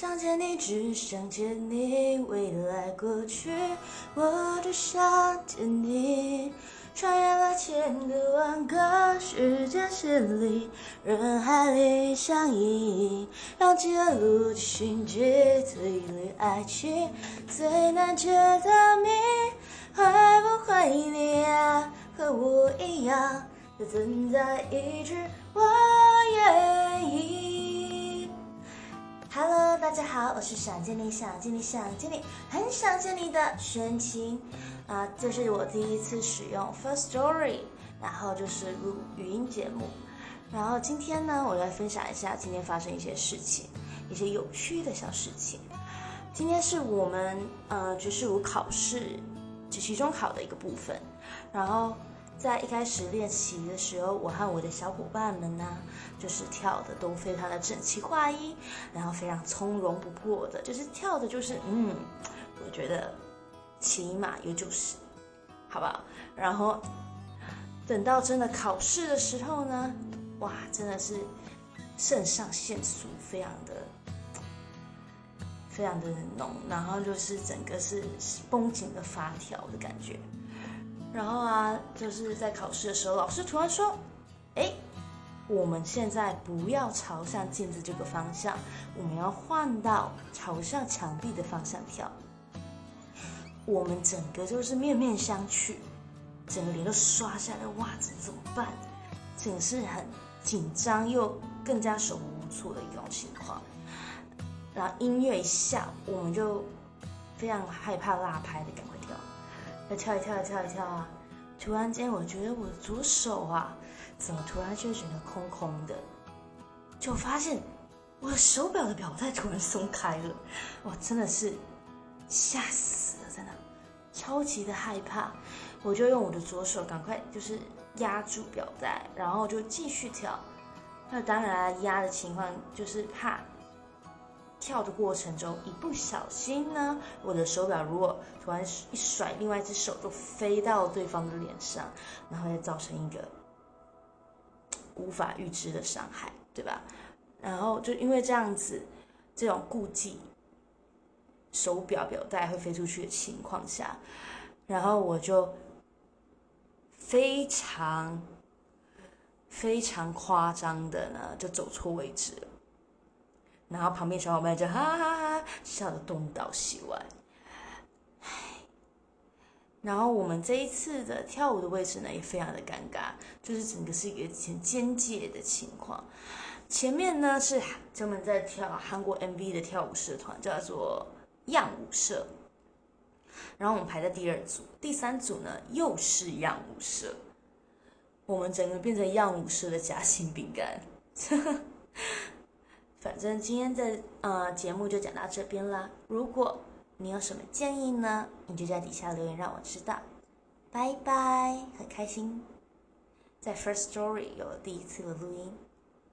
想見你，只想見你，未來過去，我只想見你。穿越了千個萬個時間線裡，人海裡相依，用盡了邏輯心機推理愛情，最難解的謎。會不會你啊，和我一樣，在等待一句，我願意。Hello，大家好，我是想見你，想見你，想見你，很想見你的暄晴啊！這、呃就是我第一次使用 First Story，然後就是錄語音節目，然後今天呢，我來分享一下今天發生一些事情，一些有趣的小事情。今天是我們呃爵士舞考試，就期中考的一個部分，然後，在一開始練習的時候，我和我的小夥伴們呢，就是跳的都非常的整齊劃一，然後非常從容不迫的，就是跳的，就是嗯，我覺得起碼有九十，好不好？然後等到真的考試的時候呢，哇，真的是腎上腺素非常的、非常的濃，然後就是整個是繃緊的發條的感覺。然後啊，就是在考試的時候，老師突然說：“哎，我們現在不要朝向鏡子這個方向，我們要換到朝向牆壁的方向跳。”我們整個就是面面相覷，整個臉都刷下來，襪子怎麼辦？整個是很緊張又更加手足無措的一種情況。然後音樂一下，我們就非常害怕落拍的，趕快跳。要跳一跳一跳一跳啊！突然間，我覺得我的左手啊，怎麼突然就覺得空空的？就發現我的手表的表帶突然鬆開了，我真的是嚇死了，真的超級的害怕。我就用我的左手趕快就是壓住表帶，然後就繼續跳。那當然啊，壓的情況就是怕。跳的過程中，一不小心呢，我的手錶如果突然一甩，另外一隻手就飛到對方的臉上，然後也造成一個無法預知的傷害，對吧？然後就因為這樣子，這種顧忌手錶錶帶會飛出去的情況下，然後我就非常非常誇張的呢，就走錯位置了。然後旁邊小伙伴就哈哈哈，哈笑得東倒西歪，唉。然後我們這一次的跳舞的位置呢，也非常的尷尬，就是整個是一個前邊界的情況。前面呢是專門在跳韓國 MV 的跳舞社團，叫做樣舞社。然後我們排在第二組，第三組呢又是樣舞社，我們整個變成樣舞社的夾心餅乾。呵呵反正今天的呃節目就講到這邊啦。如果你有什麼建議呢，你就在底下留言讓我知道。拜拜，很開心在 Firstory 有了第一次的錄音。